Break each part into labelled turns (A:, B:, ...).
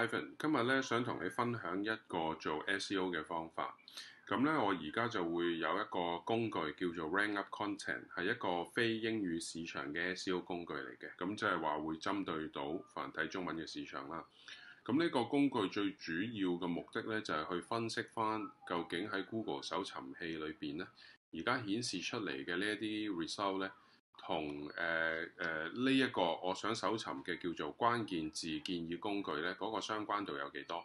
A: Ivan，今日咧想同你分享一個做 SEO 嘅方法。咁咧，我而家就會有一個工具叫做 RankUp Content，係一個非英語市場嘅 SEO 工具嚟嘅。咁即係話會針對到繁體中文嘅市場啦。咁呢個工具最主要嘅目的咧，就係、是、去分析翻究竟喺 Google 搜尋器裏邊咧，而家顯示出嚟嘅呢一啲 result 咧。同誒誒呢一個我想搜尋嘅叫做關鍵字建議工具呢，嗰個相關度有幾多？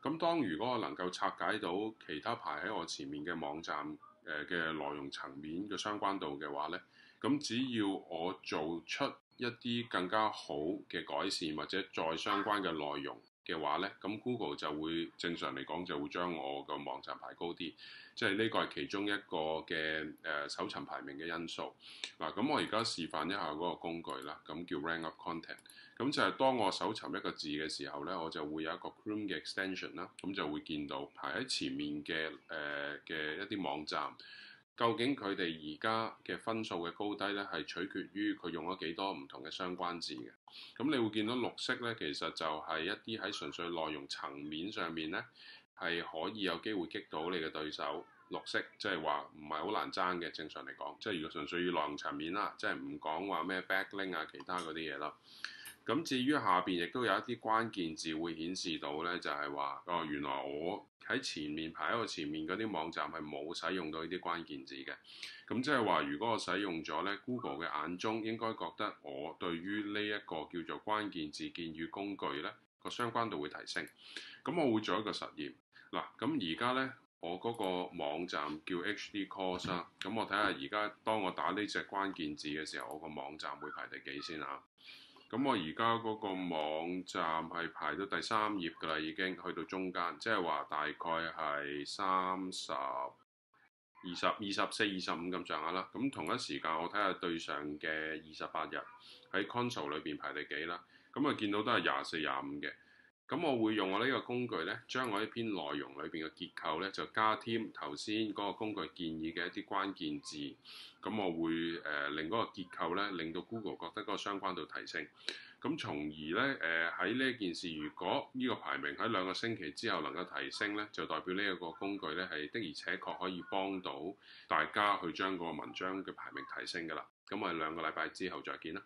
A: 咁當如果我能夠拆解到其他排喺我前面嘅網站呃嘅內容層面嘅相關度嘅話呢，咁只要我做出一啲更加好嘅改善或者再相關嘅內容嘅話呢，咁 Google 就會正常嚟講就會將我個網站排高啲，即係呢個係其中一個嘅誒、呃、搜尋排名嘅因素。嗱、啊，咁我而家示範一下嗰個工具啦，咁叫 Rank Up Content。咁就係當我搜尋一個字嘅時候呢，我就會有一個 Chrome 嘅 extension 啦，咁就會見到排喺前面嘅誒嘅一啲網站。究竟佢哋而家嘅分數嘅高低呢，係取決於佢用咗幾多唔同嘅相關字嘅。咁你會見到綠色呢，其實就係一啲喺純粹內容層面上面呢，係可以有機會擊到你嘅對手。綠色即係話唔係好難爭嘅，正常嚟講，即係如果純粹要內容層面啦，即係唔講話咩 backlink 啊，其他嗰啲嘢啦。咁至於下邊亦都有一啲關鍵字會顯示到呢，就係話哦，原來我喺前面排喺我前面嗰啲網站係冇使用到呢啲關鍵字嘅。咁即係話，如果我使用咗呢，Google 嘅眼中應該覺得我對於呢一個叫做關鍵字建議工具呢個相關度會提升。咁我會做一個實驗嗱。咁而家呢，我嗰個網站叫 HD Course 啦。咁我睇下而家當我打呢隻關鍵字嘅時候，我個網站會排第幾先啊？咁我而家嗰個網站係排到第三頁㗎啦，已經去到中間，即係話大概係三十、二十二十四、二十五咁上下啦。咁同一時間我睇下對上嘅二十八日喺 console 裏邊排第幾啦。咁我見到都係廿四、廿五嘅。咁我會用我呢個工具呢，將我呢篇內容裏邊嘅結構呢，就加添頭先嗰個工具建議嘅一啲關鍵字。咁我會誒、呃、令嗰個結構呢，令到 Google 覺得嗰個相關度提升。咁從而呢，誒喺呢件事，如果呢個排名喺兩個星期之後能夠提升呢，就代表呢一個工具呢，係的而且確可以幫到大家去將嗰個文章嘅排名提升噶啦。咁我哋兩個禮拜之後再見啦。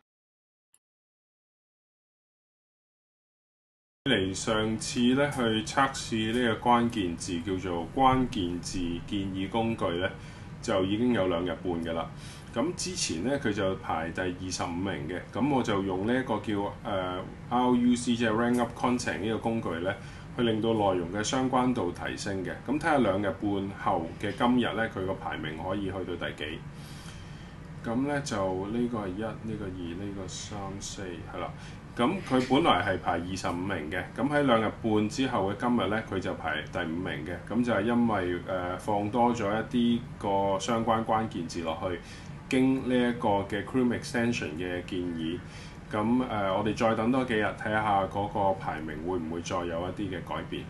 A: 嚟，上次咧去測試呢個關鍵字叫做關鍵字建議工具咧，就已經有兩日半嘅啦。咁之前咧，佢就排第二十五名嘅。咁我就用呢一個叫誒 RUC 即係 Rank Up Content 呢個工具咧，去令到內容嘅相關度提升嘅。咁睇下兩日半後嘅今日咧，佢個排名可以去到第幾？咁咧就呢個係一，呢個二，呢個三四係啦。咁佢本來係排二十五名嘅，咁喺兩日半之後嘅今日呢，佢就排第五名嘅，咁就係因為誒、呃、放多咗一啲個相關關鍵字落去，經呢一個嘅 Chrome Extension 嘅建議，咁誒、呃、我哋再等多幾日睇下嗰個排名會唔會再有一啲嘅改變。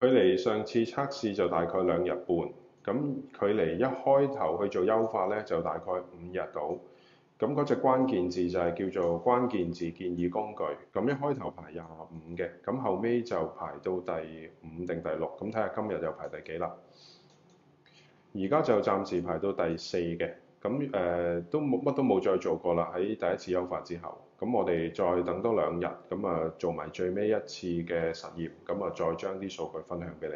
A: 距離上次測試就大概兩日半。咁距離一開頭去做優化呢，就大概五日到。咁嗰隻關鍵字就係叫做關鍵字建議工具。咁一開頭排廿五嘅，咁後尾就排到第五定第六。咁睇下今日又排第幾啦？而家就暫時排到第四嘅。咁誒、呃、都冇乜都冇再做過啦。喺第一次優化之後，咁我哋再等多兩日，咁啊做埋最尾一次嘅實驗，咁啊再將啲數據分享俾你。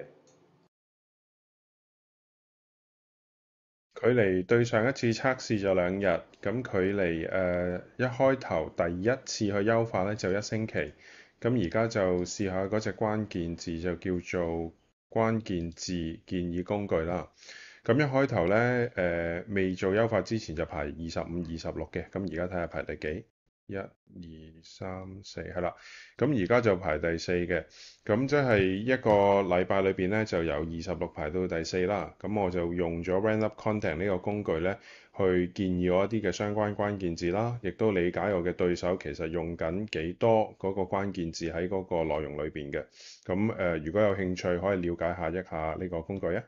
A: 距離對上一次測試咗兩日，咁距離誒、呃、一開頭第一次去優化咧就一星期，咁而家就試下嗰隻關鍵字就叫做關鍵字建議工具啦。咁一開頭咧誒未做優化之前就排二十五、二十六嘅，咁而家睇下排第幾？一、二、三、四，係啦，咁而家就排第四嘅，咁即係一個禮拜裏邊咧，就由二十六排到第四啦。咁我就用咗 Rank Up Content 呢個工具咧，去建議我一啲嘅相關關鍵字啦，亦都理解我嘅對手其實用緊幾多嗰個關鍵字喺嗰個內容裏邊嘅。咁誒、呃，如果有興趣，可以了解一下一下呢個工具啊。